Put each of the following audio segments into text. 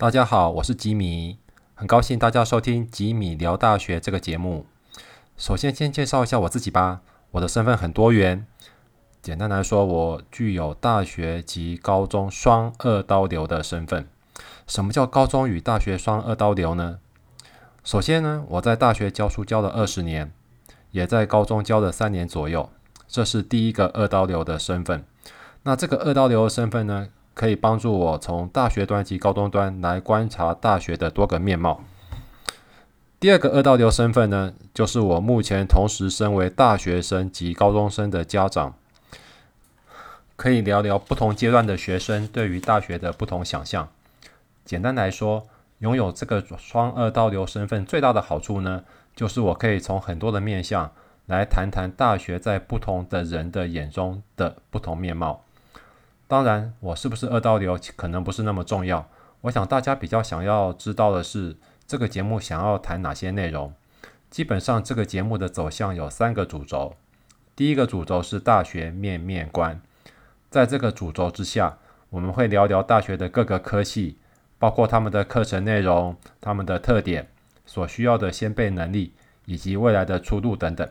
大家好，我是吉米，很高興大家收聽《吉米聊大學》這個節目。首先，先介紹一下我自己吧。我的身份很多元，簡單來說，我具有大學及高中雙二刀流的身份。什麼叫高中與大學雙二刀流呢？首先呢，我在大學教書教了二十年，也在高中教了三年左右，這是第一個二刀流的身份。那這個二刀流的身份呢，可以幫助我從大學端及高中端來觀察大學的多個面貌。第二個二刀流身份呢，就是我目前同時身為大學生及高中生的家長，可以聊聊不同階段的學生對於大學的不同想象。簡單來說，擁有這個雙二刀流身份最大的好處呢，就是我可以從很多的面向來談談大學在不同的人的眼中的不同面貌。當然，我是不是二刀流可能不是那麼重要。我想大家比較想要知道的是，這個節目想要談哪些內容。基本上，這個節目的走向有三個主軸。第一個主軸是大學面面觀，在這個主軸之下，我們會聊聊大學的各個科系，包括他們的課程內容、他們的特點、所需要的先備能力以及未來的出路等等。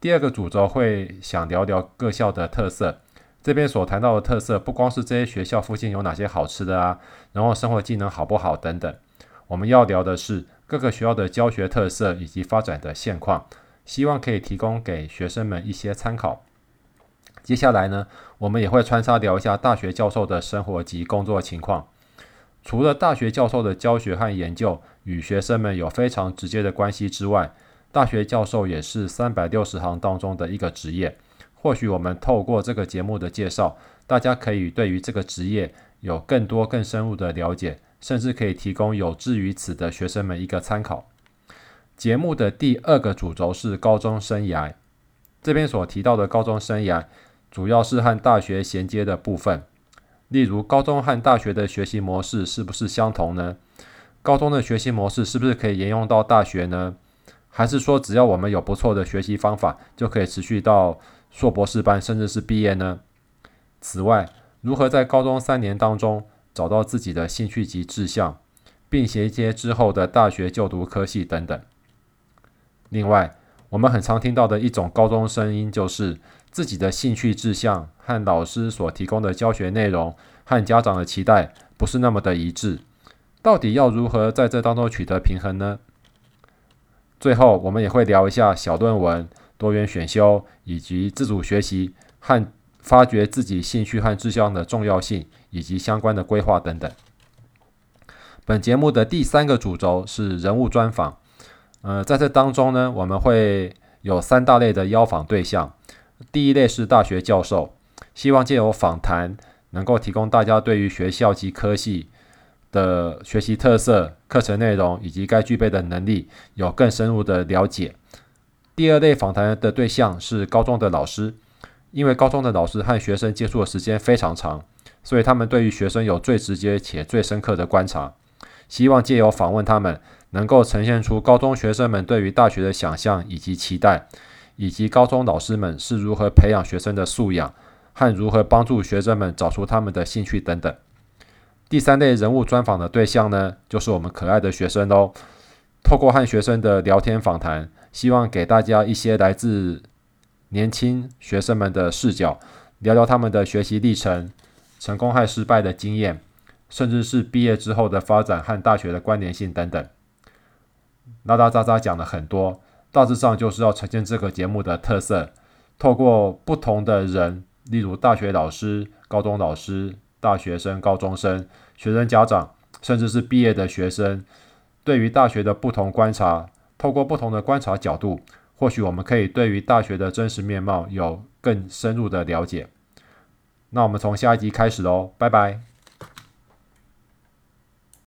第二個主軸會想聊聊各校的特色。這邊所談到的特色，不光是這些學校附近有哪些好吃的啊，然後生活機能好不好等等。我們要聊的是各個學校的教學特色以及發展的現況，希望可以提供給學生們一些參考。接下來呢，我們也會穿插聊一下大學教授的生活及工作情況。除了大學教授的教學和研究與學生們有非常直接的關係之外，大學教授也是三百六十行當中的一個職業。或許我們透過這個節目的介紹，大家可以對於這個職業有更多更深入的了解，甚至可以提供有志於此的學生們一個參考。節目的第二個主軸是高中生涯，這邊所提到的高中生涯，主要是和大學銜接的部分。例如，高中和大學的學習模式是不是相同呢？高中的學習模式是不是可以沿用到大學呢？還是說，只要我們有不錯的學習方法，就可以持續到碩博士班，甚至是畢業呢？此外，如何在高中三年當中找到自己的興趣及志向，並銜接之後的大學就讀科系等等？另外，我們很常聽到的一種高中聲音就是，自己的興趣志向和老師所提供的教學內容和家長的期待不是那麼的一致，到底要如何在這當中取得平衡呢？最後，我們也會聊一下小論文、多元選修以及自主學習和發掘自己興趣和志向的重要性，以及相關的規劃等等。本節目的第三個主軸是人物專訪。呃，在這當中呢，我們會有三大類的邀訪對象。第一類是大學教授，希望借由訪談能夠提供大家對於學校及科系的學習特色、課程內容以及該具備的能力有更深入的了解。第二類訪談的對象是高中的老師，因為高中的老師和學生接觸的時間非常長，所以他們對於學生有最直接且最深刻的觀察。希望借由訪問他們，能夠呈現出高中學生們對於大學的想象以及期待，以及高中老師們是如何培養學生的素養，和如何幫助學生們找出他們的興趣等等。第三類人物專訪的對象呢，就是我們可愛的學生嘍、哦。透過和學生的聊天訪談，希望給大家一些來自年輕學生們的視角，聊聊他們的學習歷程、成功和失敗的經驗，甚至是畢業之後的發展和大學的關聯性等等。拉拉雜雜講了很多，大致上就是要呈現這個節目的特色。透過不同的人，例如大學老師、高中老師。大學生、高中生、學生家長，甚至是畢業的學生，對於大學的不同觀察，透過不同的觀察角度，或許我們可以對於大學的真實面貌有更深入的了解。那我們從下一集開始哦，拜拜。